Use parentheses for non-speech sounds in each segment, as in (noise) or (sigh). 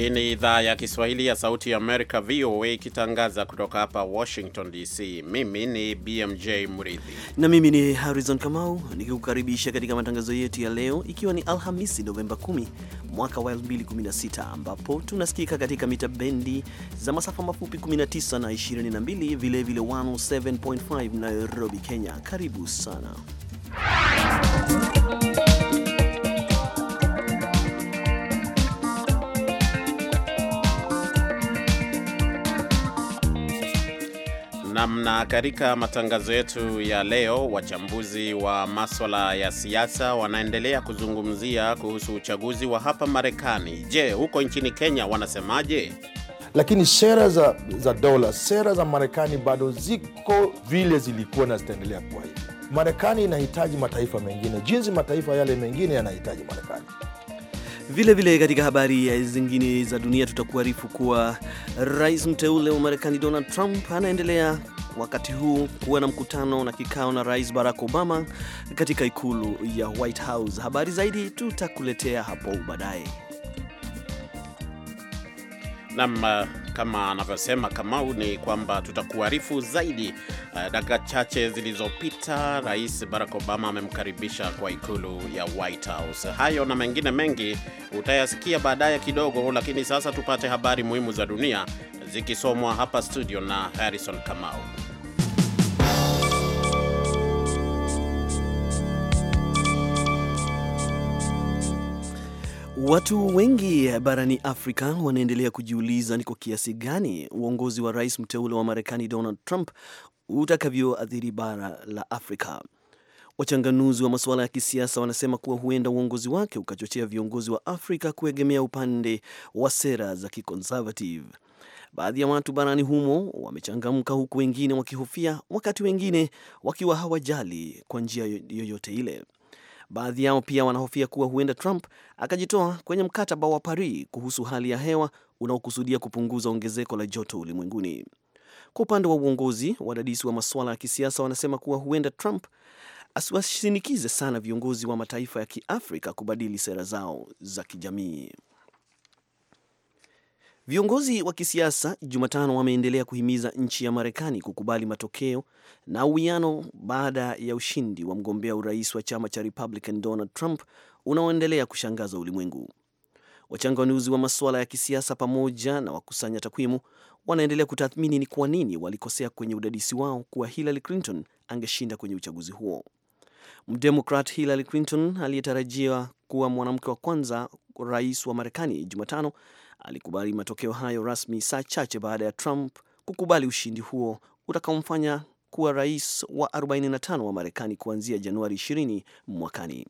Hii ni idhaa ya Kiswahili ya Sauti ya Amerika, VOA, ikitangaza kutoka hapa Washington DC. Mimi ni BMJ Mridhi na mimi ni Harrison Kamau nikikukaribisha katika matangazo yetu ya leo, ikiwa ni Alhamisi Novemba 10 mwaka wa 2016, ambapo tunasikika katika mita bendi za masafa mafupi 19 na 22, vilevile 107.5 Nairobi, Kenya. Karibu sana namna. Katika matangazo yetu ya leo, wachambuzi wa maswala ya siasa wanaendelea kuzungumzia kuhusu uchaguzi wa hapa Marekani. Je, huko nchini Kenya wanasemaje? Lakini sera za, za dola, sera za Marekani bado ziko vile zilikuwa na zitaendelea kuwa hivi. Marekani inahitaji mataifa mengine jinsi mataifa yale mengine yanahitaji Marekani. Vilevile katika habari zingine za dunia tutakuarifu kuwa rais mteule wa Marekani Donald Trump anaendelea wakati huu kuwa na mkutano na kikao na rais Barack Obama katika ikulu ya White House. Habari zaidi tutakuletea hapo baadaye. Nam kama anavyosema Kamau ni kwamba tutakuarifu zaidi. Uh, dakika chache zilizopita Rais Barack Obama amemkaribisha kwa ikulu ya White House. Hayo na mengine mengi utayasikia baadaye kidogo, lakini sasa tupate habari muhimu za dunia zikisomwa hapa studio na Harrison Kamau. Watu wengi barani Afrika wanaendelea kujiuliza ni kwa kiasi gani uongozi wa rais mteule wa Marekani Donald Trump utakavyoathiri bara la Afrika. Wachanganuzi wa masuala ya kisiasa wanasema kuwa huenda uongozi wake ukachochea viongozi wa Afrika kuegemea upande wa sera za kiconservative. Baadhi ya watu barani humo wamechangamka, huku wengine wakihofia, wakati wengine wakiwa hawajali kwa njia yoyote ile. Baadhi yao pia wanahofia kuwa huenda Trump akajitoa kwenye mkataba wa Paris kuhusu hali ya hewa unaokusudia kupunguza ongezeko la joto ulimwenguni. Kwa upande wa uongozi, wadadisi wa masuala ya kisiasa wanasema kuwa huenda Trump asiwashinikize sana viongozi wa mataifa ya Kiafrika kubadili sera zao za kijamii. Viongozi wa kisiasa Jumatano wameendelea kuhimiza nchi ya Marekani kukubali matokeo na uwiano baada ya ushindi wa mgombea urais wa chama cha Republican Donald Trump unaoendelea kushangaza ulimwengu. Wachanganuzi wa masuala ya kisiasa pamoja na wakusanya takwimu wanaendelea kutathmini ni kwa nini walikosea kwenye udadisi wao kuwa Hillary Clinton angeshinda kwenye uchaguzi huo. Mdemokrat Hillary Clinton aliyetarajiwa kuwa mwanamke wa kwanza rais wa Marekani Jumatano alikubali matokeo hayo rasmi saa chache baada ya Trump kukubali ushindi huo utakaomfanya kuwa rais wa 45 wa Marekani kuanzia Januari 20 mwakani.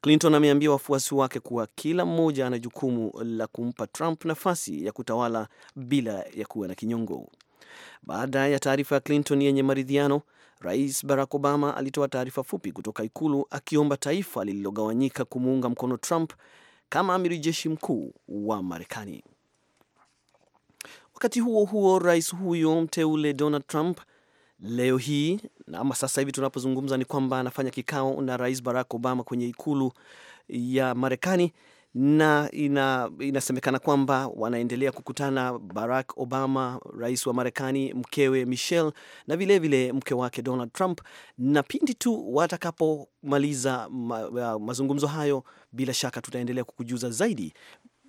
Clinton ameambia wafuasi wake kuwa kila mmoja ana jukumu la kumpa Trump nafasi ya kutawala bila ya kuwa na kinyongo. Baada ya taarifa ya Clinton yenye maridhiano, Rais Barack Obama alitoa taarifa fupi kutoka Ikulu akiomba taifa lililogawanyika kumuunga mkono Trump kama amiri jeshi mkuu wa Marekani. Wakati huo huo, rais huyo mteule Donald Trump leo hii ama sasa hivi tunapozungumza, ni kwamba anafanya kikao na rais Barack Obama kwenye ikulu ya Marekani na ina, inasemekana kwamba wanaendelea kukutana Barack Obama, rais wa Marekani, mkewe Michelle na vilevile vile mke wake Donald Trump, na pindi tu watakapomaliza ma, mazungumzo hayo, bila shaka tutaendelea kukujuza zaidi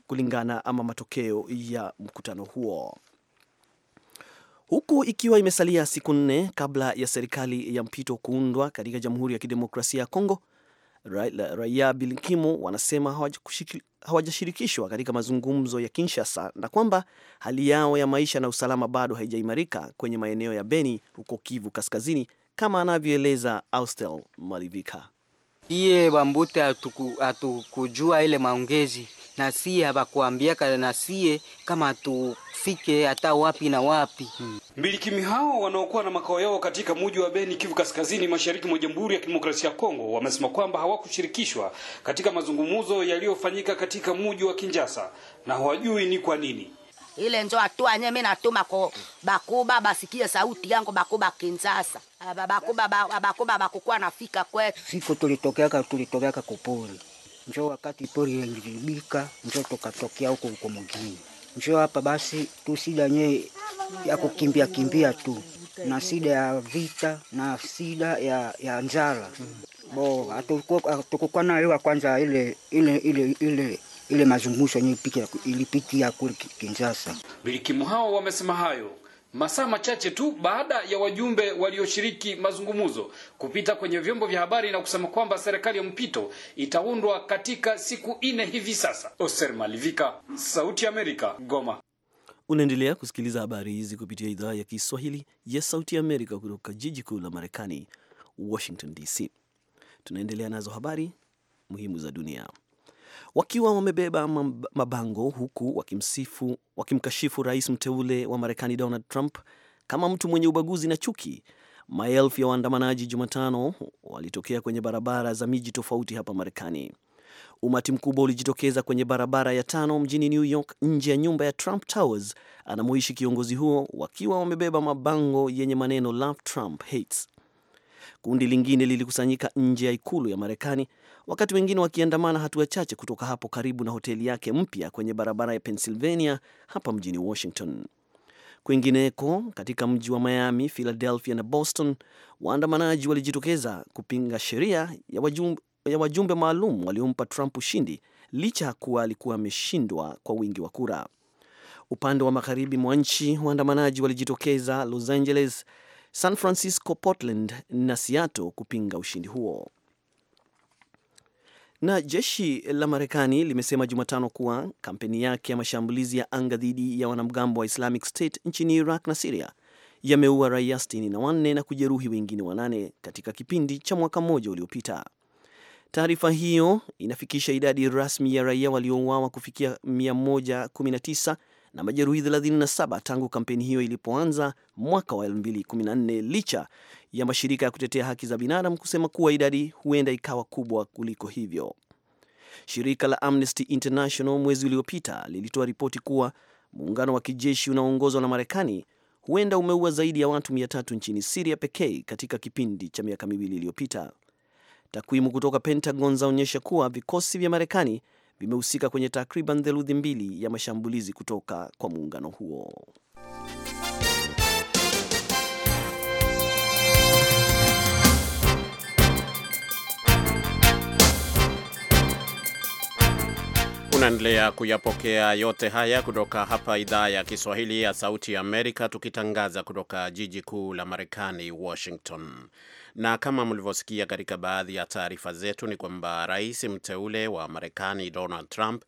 kulingana ama matokeo ya mkutano huo huku ikiwa imesalia siku nne kabla ya serikali ya mpito kuundwa katika Jamhuri ya Kidemokrasia ya Kongo, raia Bilinkimo wanasema hawajashirikishwa katika mazungumzo ya Kinshasa na kwamba hali yao ya maisha na usalama bado haijaimarika kwenye maeneo ya Beni huko Kivu Kaskazini, kama anavyoeleza Austel Malivika. Iye Bambute hatukujua ile maongezi na sie habakuambiaka na sie kama hatufike hata wapi na wapi hmm. Mbilikimi hao wanaokuwa na makao yao katika mji wa Beni, Kivu Kaskazini, mashariki mwa Jamhuri ya Kidemokrasia ya Kongo, wamesema kwamba hawakushirikishwa katika mazungumzo yaliyofanyika katika mji wa kinjasa na hawajui ni kwa nini. Ile njo hatua nye mimi natuma ko bakuba basikie sauti yangu bakuba kinjasa ah, Bakuba ah, bakuba bakukuwa nafika kwetu. Siku tulitokeaka tulitokeaka kupori. Njo wakati pori ilibika, njo tukatokea huko huko mgini. Njoo hapa basi tu, sida yenyewe ya kukimbia kimbia tu na sida ya vita na sida ya, ya njala bo hatukukuwa nayo kwanza ile ile ile ile ile mazungumzo yenyewe ilipitia kule Kinshasa. Bilikimu hao wamesema hayo Masaa machache tu baada ya wajumbe walioshiriki mazungumzo kupita kwenye vyombo vya habari na kusema kwamba serikali ya mpito itaundwa katika siku nne hivi sasa. Oser Malivika, Sauti ya Amerika, Goma. Unaendelea kusikiliza habari hizi kupitia idhaa ya Kiswahili ya Sauti ya Amerika kutoka jiji kuu la Marekani, Washington DC. Tunaendelea nazo habari muhimu za dunia wakiwa wamebeba mabango huku wakimsifu, wakimkashifu rais mteule wa Marekani Donald Trump kama mtu mwenye ubaguzi na chuki. Maelfu ya waandamanaji Jumatano walitokea kwenye barabara za miji tofauti hapa Marekani. Umati mkubwa ulijitokeza kwenye barabara ya tano mjini New York nje ya nyumba ya Trump Towers anamoishi kiongozi huo, wakiwa wamebeba mabango yenye maneno Love Trump Hates. Kundi lingine lilikusanyika nje ya ikulu ya Marekani wakati wengine wakiandamana hatua chache kutoka hapo karibu na hoteli yake mpya kwenye barabara ya Pennsylvania hapa mjini Washington. Kwingineko, katika mji wa Miami, Philadelphia na Boston, waandamanaji walijitokeza kupinga sheria ya wajumbe, ya wajumbe maalum waliompa Trump ushindi licha ya kuwa alikuwa ameshindwa kwa wingi wa kura. Upande wa magharibi mwa nchi, waandamanaji walijitokeza Los Angeles, San Francisco, Portland na Seattle kupinga ushindi huo. Na jeshi la Marekani limesema Jumatano kuwa kampeni yake ya mashambulizi ya anga dhidi ya wanamgambo wa Islamic State nchini Iraq na Siria yameua raia 64 na kujeruhi wengine wanane katika kipindi cha mwaka mmoja uliopita. Taarifa hiyo inafikisha idadi rasmi ya raia waliouawa kufikia 119 na majeruhi 37 tangu kampeni hiyo ilipoanza mwaka wa 2014 licha ya mashirika ya kutetea haki za binadamu kusema kuwa idadi huenda ikawa kubwa kuliko hivyo. Shirika la Amnesty International mwezi uliopita lilitoa ripoti kuwa muungano wa kijeshi unaoongozwa na Marekani huenda umeua zaidi ya watu 300 nchini Siria pekee katika kipindi cha miaka miwili iliyopita. Takwimu kutoka Pentagon zaonyesha kuwa vikosi vya Marekani vimehusika kwenye takriban theluthi mbili ya mashambulizi kutoka kwa muungano huo. Unaendelea kuyapokea yote haya kutoka hapa idhaa ya Kiswahili ya Sauti ya Amerika, tukitangaza kutoka jiji kuu la Marekani, Washington. Na kama mlivyosikia katika baadhi ya taarifa zetu ni kwamba rais mteule wa Marekani Donald Trump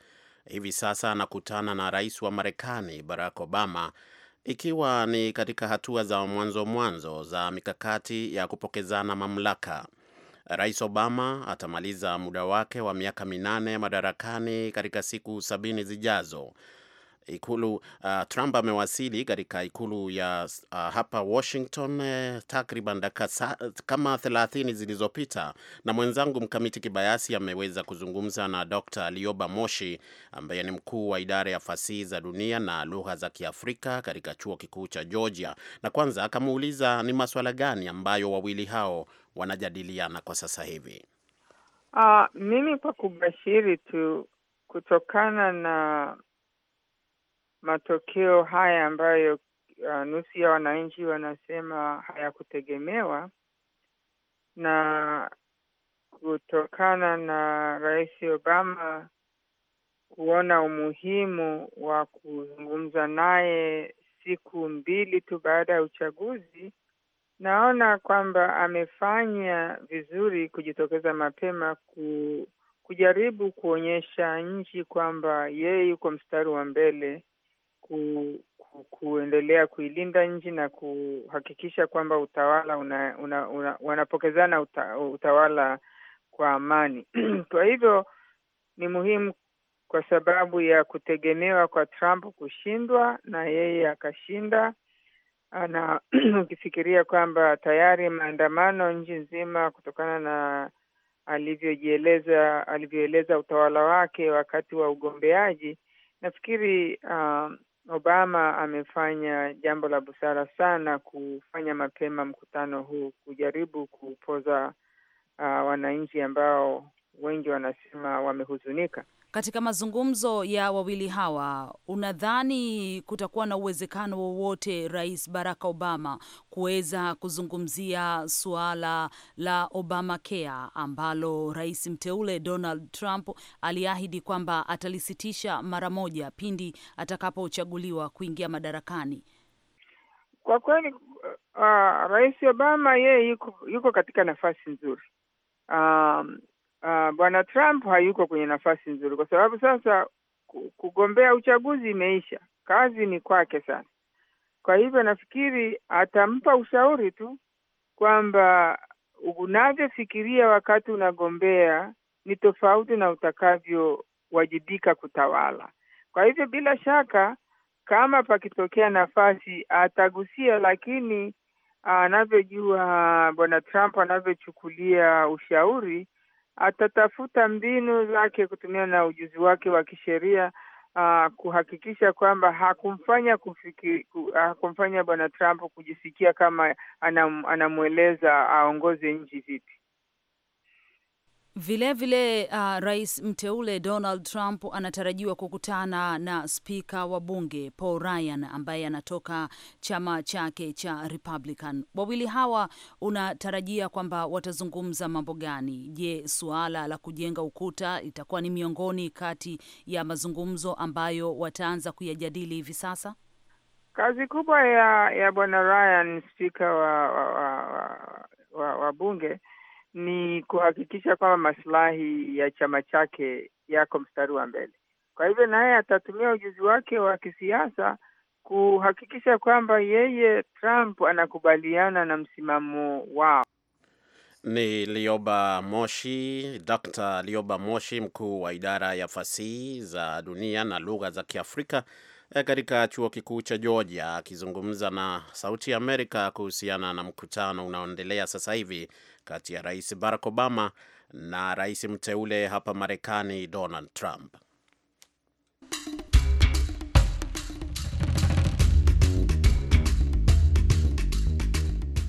hivi sasa anakutana na rais wa Marekani Barack Obama ikiwa ni katika hatua za mwanzo mwanzo za mikakati ya kupokezana mamlaka. Rais Obama atamaliza muda wake wa miaka minane madarakani katika siku sabini zijazo Ikulu uh, Trump amewasili katika ikulu ya uh, hapa Washington eh, takriban dakika kama 30 zilizopita, na mwenzangu mkamiti Kibayasi ameweza kuzungumza na Dr. Lioba Moshi ambaye ni mkuu wa idara ya fasihi za dunia na lugha za Kiafrika katika chuo kikuu cha Georgia, na kwanza akamuuliza ni maswala gani ambayo wawili hao wanajadiliana kwa sasa hivi. Uh, mimi kwa kubashiri tu kutokana na matokeo haya ambayo uh, nusu ya wananchi wanasema hayakutegemewa na kutokana na Rais Obama kuona umuhimu wa kuzungumza naye siku mbili tu baada ya uchaguzi, naona kwamba amefanya vizuri kujitokeza mapema ku, kujaribu kuonyesha nchi kwamba yeye yuko mstari wa mbele ku, ku, kuendelea kuilinda nchi na kuhakikisha kwamba utawala una, una, una, wanapokezana uta, utawala kwa amani. (clears throat) Kwa hivyo ni muhimu kwa sababu ya kutegemewa kwa Trump kushindwa na yeye akashinda, na (clears throat) ukifikiria kwamba tayari maandamano nchi nzima kutokana na alivyojieleza alivyoeleza utawala wake wakati wa ugombeaji, nafikiri um, Obama amefanya jambo la busara sana kufanya mapema mkutano huu kujaribu kupoza uh, wananchi ambao wengi wanasema wamehuzunika katika mazungumzo ya wawili hawa, unadhani kutakuwa na uwezekano wowote Rais Barack Obama kuweza kuzungumzia suala la Obamacare ambalo rais mteule Donald Trump aliahidi kwamba atalisitisha mara moja pindi atakapochaguliwa kuingia madarakani? Kwa kweli, uh, Rais Obama yeye yuko, yuko katika nafasi nzuri um, uh, bwana Trump hayuko kwenye nafasi nzuri, kwa sababu sasa kugombea uchaguzi imeisha, kazi ni kwake sasa. Kwa hivyo nafikiri atampa ushauri tu kwamba unavyofikiria wakati unagombea ni tofauti na utakavyowajibika kutawala. Kwa hivyo bila shaka, kama pakitokea nafasi atagusia, lakini anavyojua bwana Trump anavyochukulia ushauri atatafuta mbinu zake kutumia na ujuzi wake wa kisheria uh, kuhakikisha kwamba hakumfanya kufiki, ku, hakumfanya Bwana Trump kujisikia kama anam, anamweleza aongoze nchi vipi. Vilevile vile, uh, rais mteule Donald Trump anatarajiwa kukutana na spika wa bunge Paul Ryan ambaye anatoka chama chake cha Republican. Wawili hawa unatarajia kwamba watazungumza mambo gani? Je, suala la kujenga ukuta itakuwa ni miongoni kati ya mazungumzo ambayo wataanza kuyajadili hivi sasa? Kazi kubwa ya ya bwana Ryan, spika wa, wa, wa, wa, wa bunge ni kuhakikisha kwamba masilahi ya chama chake yako mstari wa mbele. Kwa hivyo naye atatumia ujuzi wake wa kisiasa kuhakikisha kwamba yeye Trump anakubaliana na msimamo wao. Ni Lioba Moshi, Dr. Lioba Moshi, mkuu wa idara ya fasihi za dunia na lugha za Kiafrika Eh, katika chuo kikuu cha Georgia akizungumza na Sauti ya Amerika kuhusiana na mkutano unaoendelea sasa hivi kati ya Rais Barack Obama na rais mteule hapa Marekani Donald Trump.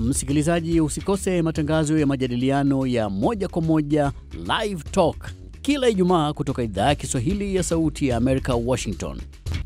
Msikilizaji, usikose matangazo ya majadiliano ya moja kwa moja Live Talk kila Ijumaa kutoka idhaa ya Kiswahili ya Sauti ya Amerika, Washington.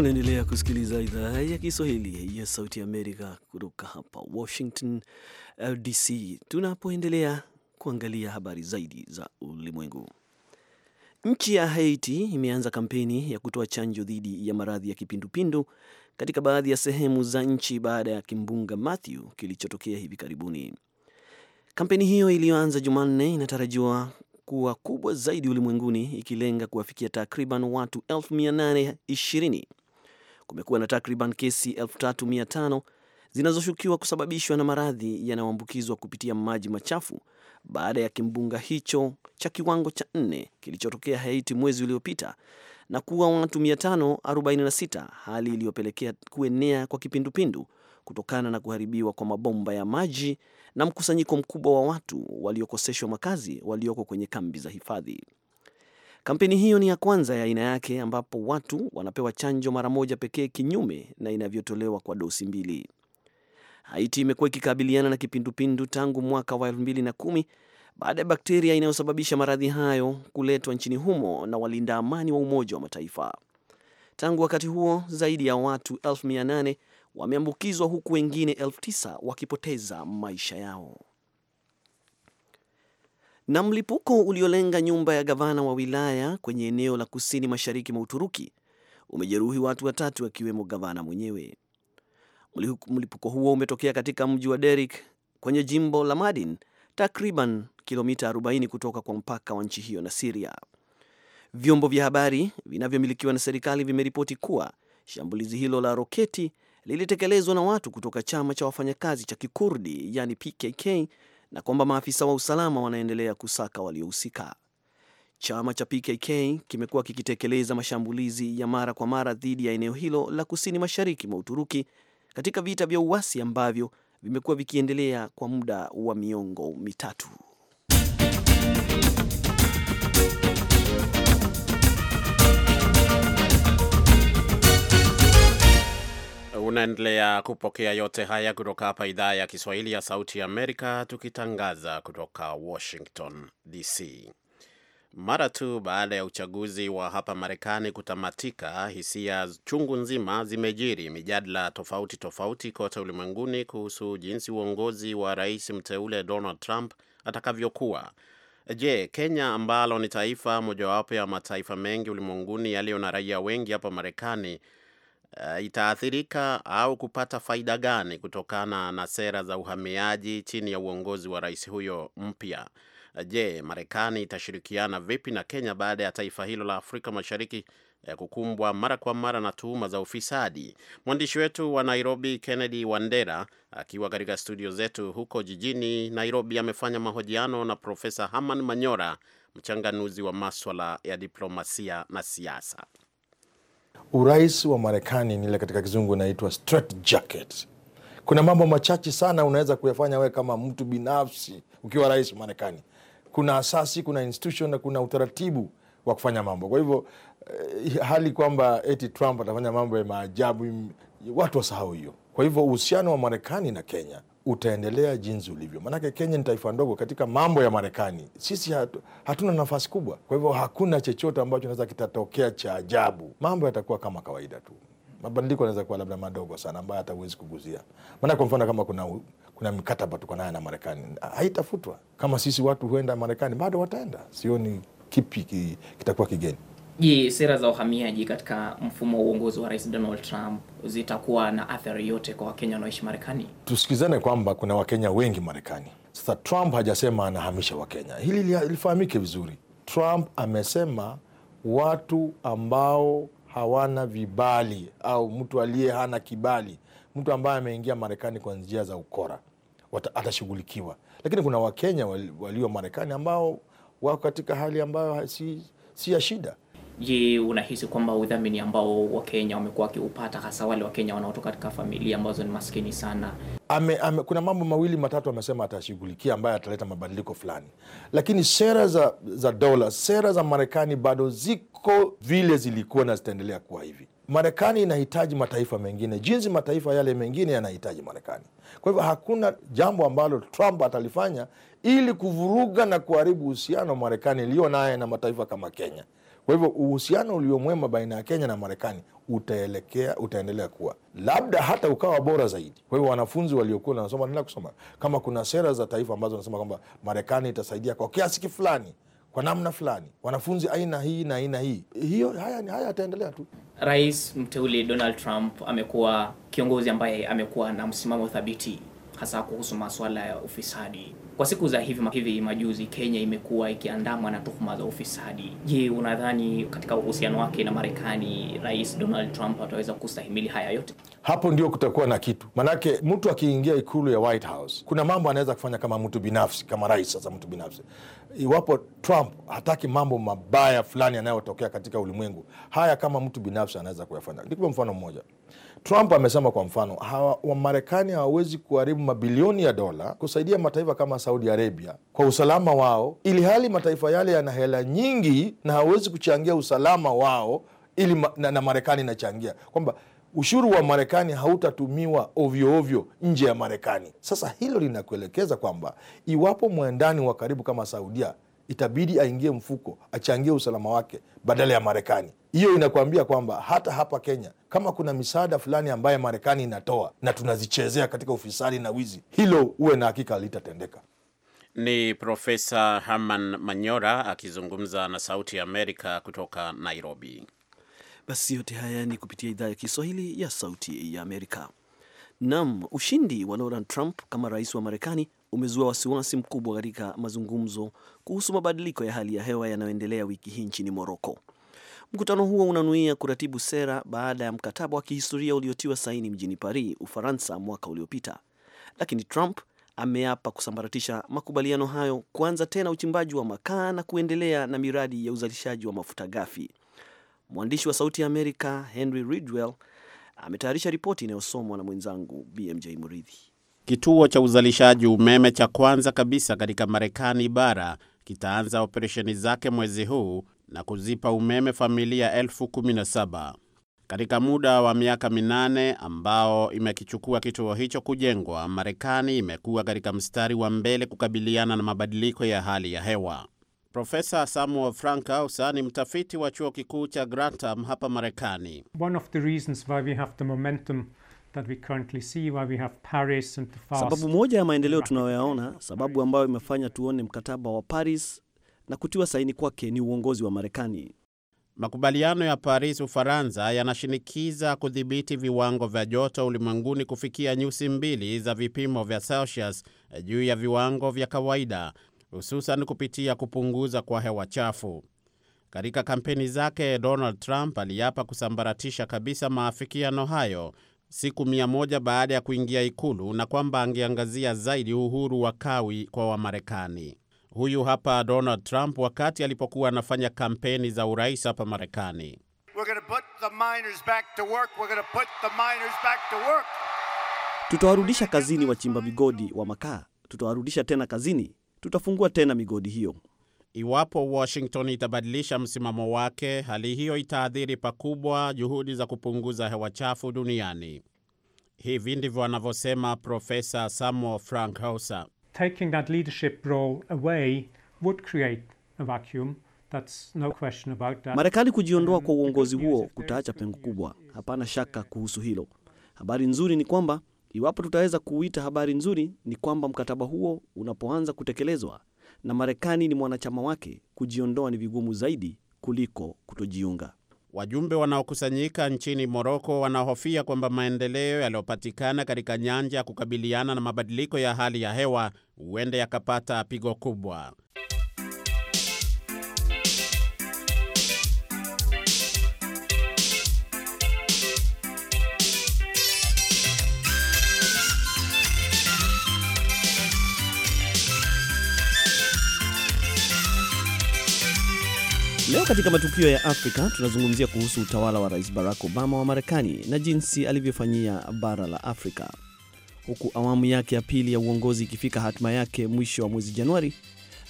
Unaendelea kusikiliza idhaa ya Kiswahili ya Sauti ya Amerika kutoka hapa Washington eh, DC, tunapoendelea kuangalia habari zaidi za ulimwengu. Nchi ya Haiti imeanza kampeni ya kutoa chanjo dhidi ya maradhi ya kipindupindu katika baadhi ya sehemu za nchi baada ya kimbunga Matthew kilichotokea hivi karibuni. Kampeni hiyo iliyoanza Jumanne inatarajiwa kuwa kubwa zaidi ulimwenguni ikilenga kuwafikia takriban watu 820 kumekuwa na takriban kesi 3500 zinazoshukiwa kusababishwa na maradhi yanayoambukizwa kupitia maji machafu baada ya kimbunga hicho cha kiwango cha nne kilichotokea Haiti mwezi uliopita na kuwa watu 546, hali iliyopelekea kuenea kwa kipindupindu kutokana na kuharibiwa kwa mabomba ya maji na mkusanyiko mkubwa wa watu waliokoseshwa makazi walioko kwenye kambi za hifadhi. Kampeni hiyo ni ya kwanza ya aina yake ambapo watu wanapewa chanjo mara moja pekee kinyume na inavyotolewa kwa dosi mbili. Haiti imekuwa ikikabiliana na kipindupindu tangu mwaka wa 2010 baada ya bakteria inayosababisha maradhi hayo kuletwa nchini humo na walinda amani wa Umoja wa Mataifa. Tangu wakati huo zaidi ya watu 8 wameambukizwa huku wengine 9 wakipoteza maisha yao na mlipuko uliolenga nyumba ya gavana wa wilaya kwenye eneo la kusini mashariki mwa Uturuki umejeruhi watu watatu akiwemo gavana mwenyewe. Mlipuko huo umetokea katika mji wa Derik kwenye jimbo la madin takriban kilomita 40 kutoka kwa mpaka wa nchi hiyo na Siria. Vyombo vya habari vinavyomilikiwa na serikali vimeripoti kuwa shambulizi hilo la roketi lilitekelezwa na watu kutoka chama cha wafanyakazi cha Kikurdi yani PKK na kwamba maafisa wa usalama wanaendelea kusaka waliohusika. Chama cha PKK kimekuwa kikitekeleza mashambulizi ya mara kwa mara dhidi ya eneo hilo la kusini mashariki mwa Uturuki katika vita vya uasi ambavyo vimekuwa vikiendelea kwa muda wa miongo mitatu. Unaendelea kupokea yote haya kutoka hapa idhaa ya Kiswahili ya Sauti ya Amerika, tukitangaza kutoka Washington DC. Mara tu baada ya uchaguzi wa hapa Marekani kutamatika, hisia chungu nzima zimejiri mijadala tofauti tofauti kote ulimwenguni kuhusu jinsi uongozi wa rais mteule Donald Trump atakavyokuwa. Je, Kenya ambalo ni taifa mojawapo ya mataifa mengi ulimwenguni yaliyo na raia wengi hapa Marekani uh, itaathirika au kupata faida gani kutokana na sera za uhamiaji chini ya uongozi wa rais huyo mpya? Eh, je, Marekani itashirikiana vipi na Kenya baada ya taifa hilo la Afrika Mashariki ya eh, kukumbwa mara kwa mara na tuhuma za ufisadi. Mwandishi wetu wa Nairobi, Kennedy Wandera, akiwa katika studio zetu huko jijini Nairobi, amefanya mahojiano na Profesa Herman Manyora, mchanganuzi wa maswala ya diplomasia na siasa urais wa Marekani ni ile katika kizungu inaitwa straitjacket. Kuna mambo machache sana unaweza kuyafanya wewe kama mtu binafsi ukiwa rais Marekani. Kuna asasi, kuna institution na kuna utaratibu wa kufanya mambo. Kwa hivyo eh, hali kwamba eti Trump atafanya mambo ya maajabu, watu wasahau hiyo. Kwa hivyo uhusiano wa Marekani na Kenya utaendelea jinsi ulivyo, maanake Kenya ni taifa ndogo katika mambo ya Marekani. Sisi hatu, hatuna nafasi kubwa, kwa hivyo hakuna chochote ambacho naweza kitatokea cha ajabu. Mambo yatakuwa kama kawaida tu, mabadiliko yanaweza kuwa labda madogo sana ambayo hata huwezi kuguzia. Maana kwa mfano kama kuna, kuna mkataba tuko naye na Marekani haitafutwa. Kama sisi watu huenda Marekani bado wataenda, sioni kipi kitakuwa kigeni. Je, sera za uhamiaji katika mfumo wa uongozi wa Rais Donald Trump zitakuwa na athari yote kwa Wakenya wanaoishi Marekani? Tusikizane kwamba kuna Wakenya wengi Marekani. Sasa Trump hajasema anahamisha Wakenya, hili lifahamike vizuri. Trump amesema watu ambao hawana vibali au mtu aliye hana kibali, mtu ambaye ameingia Marekani kwa njia za ukora atashughulikiwa, lakini kuna Wakenya walio Marekani ambao wako katika hali ambayo si, si ya shida. Je, unahisi kwamba udhamini ambao Wakenya wamekuwa wakiupata hasa wale Wakenya wanaotoka katika familia ambazo ni maskini sana? Ame, ame, kuna mambo mawili matatu amesema atashughulikia ambayo ataleta mabadiliko fulani, lakini sera za, za dola, sera za Marekani bado ziko vile zilikuwa na zitaendelea kuwa hivi. Marekani inahitaji mataifa mengine jinsi mataifa yale mengine yanahitaji Marekani. Kwa hivyo hakuna jambo ambalo Trump atalifanya ili kuvuruga na kuharibu uhusiano Marekani iliyo naye na mataifa kama Kenya. Kwa hivyo uhusiano uliomwema baina ya Kenya na Marekani utaelekea utaendelea kuwa labda hata ukawa bora zaidi. Kwa hivyo wanafunzi waliokuwa wanasoma wanaendelea kusoma, kama kuna sera za taifa ambazo wanasema kwamba Marekani itasaidia kwa kiasi fulani, kwa namna fulani, wanafunzi aina hii na aina hii hiyo, haya ni haya yataendelea tu. Rais mteule Donald Trump amekuwa kiongozi ambaye amekuwa na msimamo thabiti hasa kuhusu masuala ya ufisadi. Kwa siku za hivi hivi majuzi, Kenya imekuwa ikiandamwa na tuhuma za ufisadi. Je, unadhani katika uhusiano wake na Marekani, Rais Donald Trump ataweza kustahimili haya yote? Hapo ndio kutakuwa na kitu, manake mtu akiingia ikulu ya White House kuna mambo anaweza kufanya kama mtu binafsi, kama rais. Sasa mtu binafsi, iwapo Trump hataki mambo mabaya fulani yanayotokea katika ulimwengu, haya kama mtu binafsi anaweza kuyafanya. Nikupe mfano mmoja. Trump amesema kwa mfano, Wamarekani hawawezi kuharibu mabilioni ya dola kusaidia mataifa kama Saudi Arabia kwa usalama wao, ili hali mataifa yale yana hela nyingi na hawezi kuchangia usalama wao ili ma, na, na Marekani inachangia kwamba ushuru wa Marekani hautatumiwa ovyo ovyo nje ya Marekani. Sasa hilo linakuelekeza kwamba iwapo mwendani wa karibu kama Saudia itabidi aingie mfuko achangie usalama wake badala ya Marekani. Hiyo inakuambia kwamba hata hapa Kenya kama kuna misaada fulani ambaye Marekani inatoa na tunazichezea katika ufisadi na wizi, hilo uwe na hakika litatendeka. Ni Profesa Herman Manyora akizungumza na Sauti ya Amerika kutoka Nairobi. Basi yote haya ni kupitia idhaa ya Kiswahili ya Sauti ya Amerika. Nam, ushindi wa Donald Trump kama rais wa Marekani umezua wasiwasi mkubwa katika mazungumzo kuhusu mabadiliko ya hali ya hewa yanayoendelea wiki hii nchini Moroko. Mkutano huo unanuia kuratibu sera baada ya mkataba wa kihistoria uliotiwa saini mjini Paris, Ufaransa, mwaka uliopita, lakini Trump ameapa kusambaratisha makubaliano hayo, kuanza tena uchimbaji wa makaa na kuendelea na miradi ya uzalishaji wa mafuta ghafi. Mwandishi wa Sauti ya Amerika Henry Ridwell ametayarisha ripoti inayosomwa na mwenzangu BMJ Muridhi. Kituo cha uzalishaji umeme cha kwanza kabisa katika Marekani bara kitaanza operesheni zake mwezi huu na kuzipa umeme familia elfu kumi na saba. Katika muda wa miaka minane ambao imekichukua kituo hicho kujengwa, Marekani imekuwa katika mstari wa mbele kukabiliana na mabadiliko ya hali ya hewa. Profesa Samuel Frankhauser ni mtafiti wa chuo kikuu cha Grantham hapa Marekani. Sababu moja ya maendeleo tunayoyaona, sababu ambayo imefanya tuone mkataba wa Paris na kutiwa saini kwake, ni uongozi wa Marekani. Makubaliano ya Paris, Ufaransa, yanashinikiza kudhibiti viwango vya joto ulimwenguni kufikia nyuzi mbili za vipimo vya Celsius eh, juu ya viwango vya kawaida, hususan kupitia kupunguza kwa hewa chafu. Katika kampeni zake, Donald Trump aliapa kusambaratisha kabisa maafikiano hayo siku mia moja baada ya kuingia Ikulu na kwamba angeangazia zaidi uhuru wa kawi kwa Wamarekani. Huyu hapa Donald Trump wakati alipokuwa anafanya kampeni za urais hapa Marekani. Tutawarudisha kazini wachimba migodi wa makaa, tutawarudisha tena kazini, tutafungua tena migodi hiyo. Iwapo Washington itabadilisha msimamo wake, hali hiyo itaathiri pakubwa juhudi za kupunguza hewa chafu duniani. Hivi ndivyo anavyosema Profesa Samuel Frank Hauser taking that leadership role away would create a vacuum. That's no question about that. Marekani kujiondoa kwa um, uongozi huo kutaacha pengo kubwa, hapana shaka kuhusu hilo. Habari nzuri ni kwamba iwapo tutaweza kuuita habari nzuri, ni kwamba mkataba huo unapoanza kutekelezwa na Marekani ni mwanachama wake, kujiondoa ni vigumu zaidi kuliko kutojiunga. Wajumbe wanaokusanyika nchini Moroko wanahofia kwamba maendeleo yaliyopatikana katika nyanja ya kukabiliana na mabadiliko ya hali ya hewa huenda yakapata pigo kubwa. Leo katika matukio ya Afrika tunazungumzia kuhusu utawala wa Rais Barack Obama wa Marekani na jinsi alivyofanyia bara la Afrika. Huku awamu yake ya pili ya uongozi ikifika hatima yake mwisho wa mwezi Januari,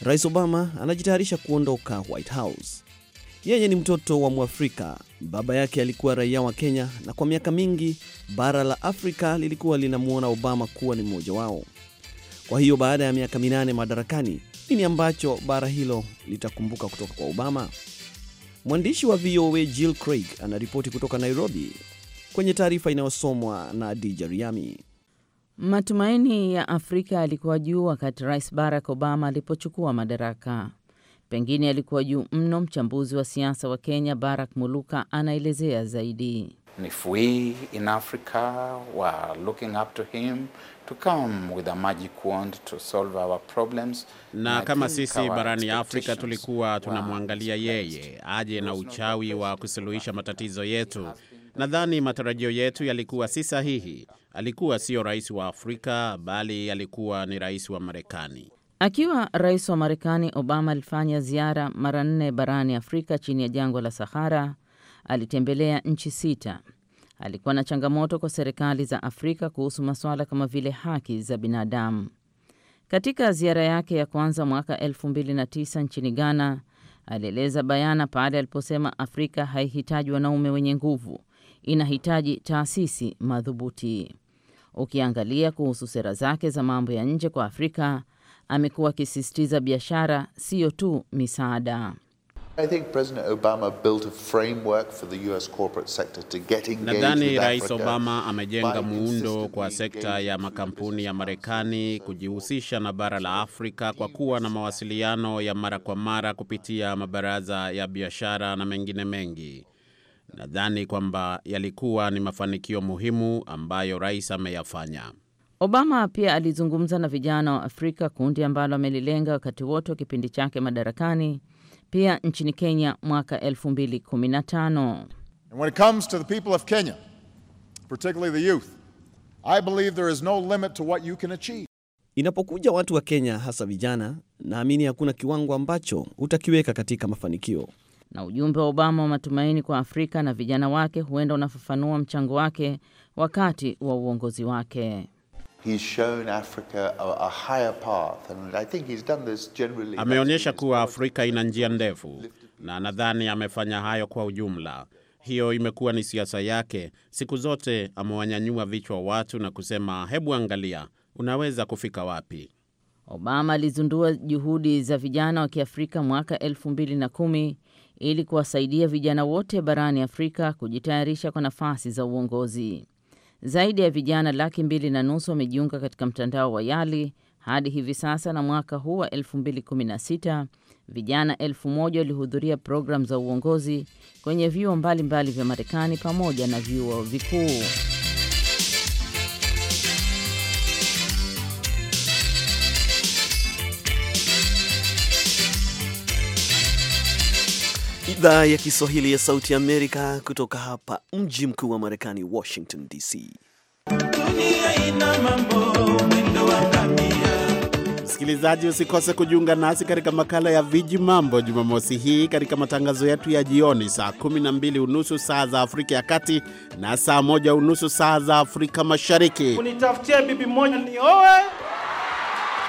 Rais Obama anajitayarisha kuondoka White House. Yeye ni mtoto wa Mwafrika. Baba yake alikuwa raia wa Kenya, na kwa miaka mingi bara la Afrika lilikuwa linamwona Obama kuwa ni mmoja wao. Kwa hiyo baada ya miaka minane madarakani, nini ambacho bara hilo litakumbuka kutoka kwa Obama? Mwandishi wa VOA Jill Craig anaripoti kutoka Nairobi kwenye taarifa inayosomwa na Dija Riami. Matumaini ya Afrika yalikuwa juu wakati Rais Barack Obama alipochukua madaraka, pengine yalikuwa juu mno. Mchambuzi wa siasa wa Kenya Barak Muluka anaelezea zaidi. And if we in Africa were looking up to him to come with a magic wand to solve our problems, na kama sisi barani Afrika tulikuwa tunamwangalia yeye aje na uchawi wa kusuluhisha matatizo yetu, nadhani matarajio yetu yalikuwa si sahihi. Alikuwa siyo rais wa Afrika, bali alikuwa ni rais wa Marekani. Akiwa rais wa Marekani, Obama alifanya ziara mara nne barani Afrika chini ya jangwa la Sahara Alitembelea nchi sita. Alikuwa na changamoto kwa serikali za Afrika kuhusu masuala kama vile haki za binadamu. Katika ziara yake ya kwanza mwaka 2009 nchini Ghana, alieleza bayana pale aliposema Afrika haihitaji wanaume wenye nguvu, inahitaji taasisi madhubuti. Ukiangalia kuhusu sera zake za mambo ya nje kwa Afrika, amekuwa akisisitiza biashara, siyo tu misaada. I think President Obama built a framework for the US corporate sector to get engaged. Nadhani Rais Obama amejenga muundo kwa sekta ya makampuni ya Marekani kujihusisha na bara la Afrika kwa kuwa na mawasiliano ya mara kwa mara kupitia mabaraza ya biashara na mengine mengi. Nadhani kwamba yalikuwa ni mafanikio muhimu ambayo rais ameyafanya. Obama pia alizungumza na vijana wa Afrika, kundi ambalo amelilenga wakati wote wa kipindi chake madarakani pia nchini Kenya mwaka 2015. And when it comes to the people of Kenya, particularly the youth, I believe there is no limit to what you can achieve. Inapokuja watu wa Kenya hasa vijana, naamini hakuna kiwango ambacho utakiweka katika mafanikio. Na ujumbe wa Obama wa matumaini kwa Afrika na vijana wake huenda unafafanua mchango wake wakati wa uongozi wake. Ameonyesha kuwa Afrika ina njia ndefu na nadhani amefanya hayo kwa ujumla. Hiyo imekuwa ni siasa yake. Siku zote amewanyanyua vichwa watu na kusema, hebu angalia unaweza kufika wapi. Obama alizindua juhudi za vijana wa Kiafrika mwaka 2010 ili kuwasaidia vijana wote barani Afrika kujitayarisha kwa nafasi za uongozi. Zaidi ya vijana laki mbili na nusu wamejiunga katika mtandao wa YALI hadi hivi sasa, na mwaka huu wa 2016 vijana elfu moja walihudhuria programu za uongozi kwenye vyuo mbalimbali vya Marekani pamoja na vyuo vikuu. Idhaa ya Kiswahili ya Sauti Amerika kutoka hapa mji mkuu wa Marekani, Washington DC. Msikilizaji, usikose kujiunga nasi katika makala ya Viji Mambo Jumamosi hii katika matangazo yetu ya jioni saa 12 unusu saa za Afrika ya Kati na saa 1 unusu saa za Afrika Mashariki. Unitafutie bibi moja nioe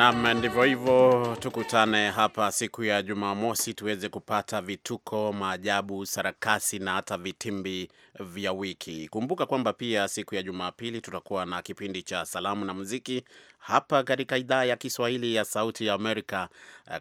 Nam, ndivyo hivyo. Tukutane hapa siku ya Jumamosi tuweze kupata vituko, maajabu, sarakasi na hata vitimbi vya wiki. Kumbuka kwamba pia siku ya Jumapili tutakuwa na kipindi cha salamu na muziki hapa katika idhaa ya Kiswahili ya Sauti ya Amerika.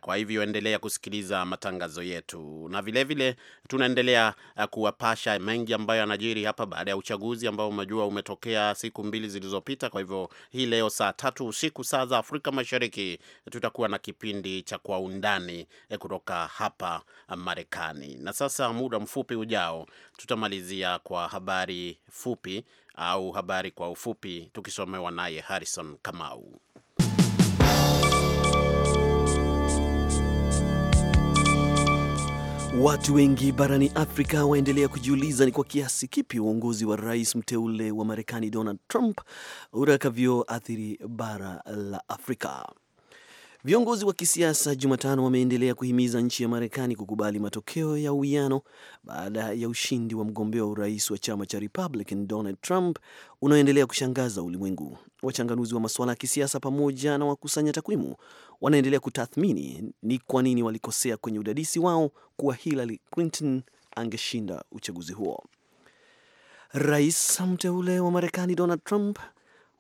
Kwa hivyo endelea kusikiliza matangazo yetu, na vilevile tunaendelea eh, kuwapasha mengi ambayo yanajiri hapa baada ya uchaguzi ambao umejua umetokea siku mbili zilizopita. Kwa hivyo hii leo saa tatu usiku saa za Afrika Mashariki tutakuwa na kipindi cha Kwa Undani eh, kutoka hapa Marekani, na sasa muda mfupi ujao tutamalizia kwa habari fupi au habari kwa ufupi, tukisomewa naye Harrison Kamau. Watu wengi barani Afrika waendelea kujiuliza ni kwa kiasi kipi uongozi wa rais mteule wa Marekani Donald Trump utakavyoathiri bara la Afrika. Viongozi wa kisiasa Jumatano wameendelea kuhimiza nchi ya Marekani kukubali matokeo ya uwiano baada ya ushindi wa mgombea wa urais wa chama cha Republican Donald Trump unaoendelea kushangaza ulimwengu. Wachanganuzi wa masuala ya kisiasa pamoja na wakusanya takwimu wanaendelea kutathmini ni kwa nini walikosea kwenye udadisi wao kuwa Hillary Clinton angeshinda uchaguzi huo. Rais mteule wa Marekani Donald Trump,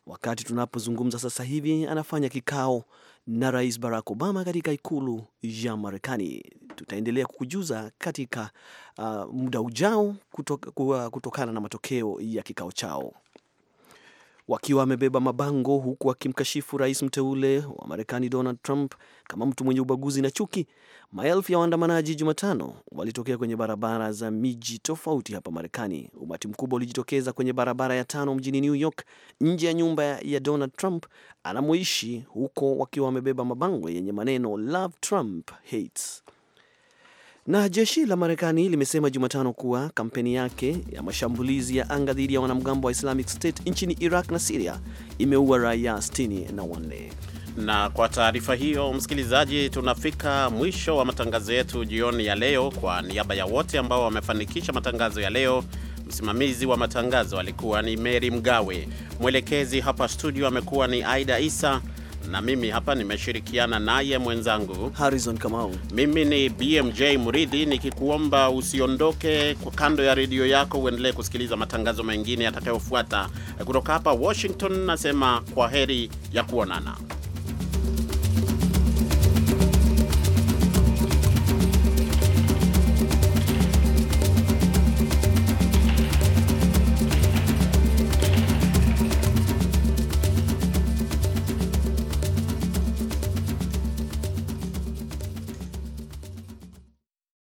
wakati tunapozungumza sasa hivi, anafanya kikao na Rais Barack Obama katika ikulu ya Marekani. Tutaendelea kukujuza katika uh, muda ujao kutok, kutokana na matokeo ya kikao chao wakiwa wamebeba mabango huku wakimkashifu rais mteule wa Marekani Donald Trump kama mtu mwenye ubaguzi na chuki. Maelfu ya waandamanaji Jumatano walitokea kwenye barabara za miji tofauti hapa Marekani. Umati mkubwa ulijitokeza kwenye barabara ya tano mjini New York, nje ya nyumba ya Donald Trump anamoishi, huko wakiwa wamebeba mabango yenye maneno Love Trump Hates. Na jeshi la Marekani limesema Jumatano kuwa kampeni yake ya mashambulizi ya anga dhidi ya wanamgambo wa Islamic State nchini Iraq na Siria imeua raia sitini na wanne. Na kwa taarifa hiyo, msikilizaji, tunafika mwisho wa matangazo yetu jioni ya leo. Kwa niaba ya wote ambao wamefanikisha matangazo ya leo, msimamizi wa matangazo alikuwa ni Mary Mgawe, mwelekezi hapa studio amekuwa ni Aida Isa na mimi hapa nimeshirikiana naye mwenzangu Harrison Kamau. Mimi ni BMJ Muridhi nikikuomba usiondoke kwa kando ya redio yako, uendelee kusikiliza matangazo mengine yatakayofuata kutoka hapa Washington. Nasema kwa heri ya kuonana.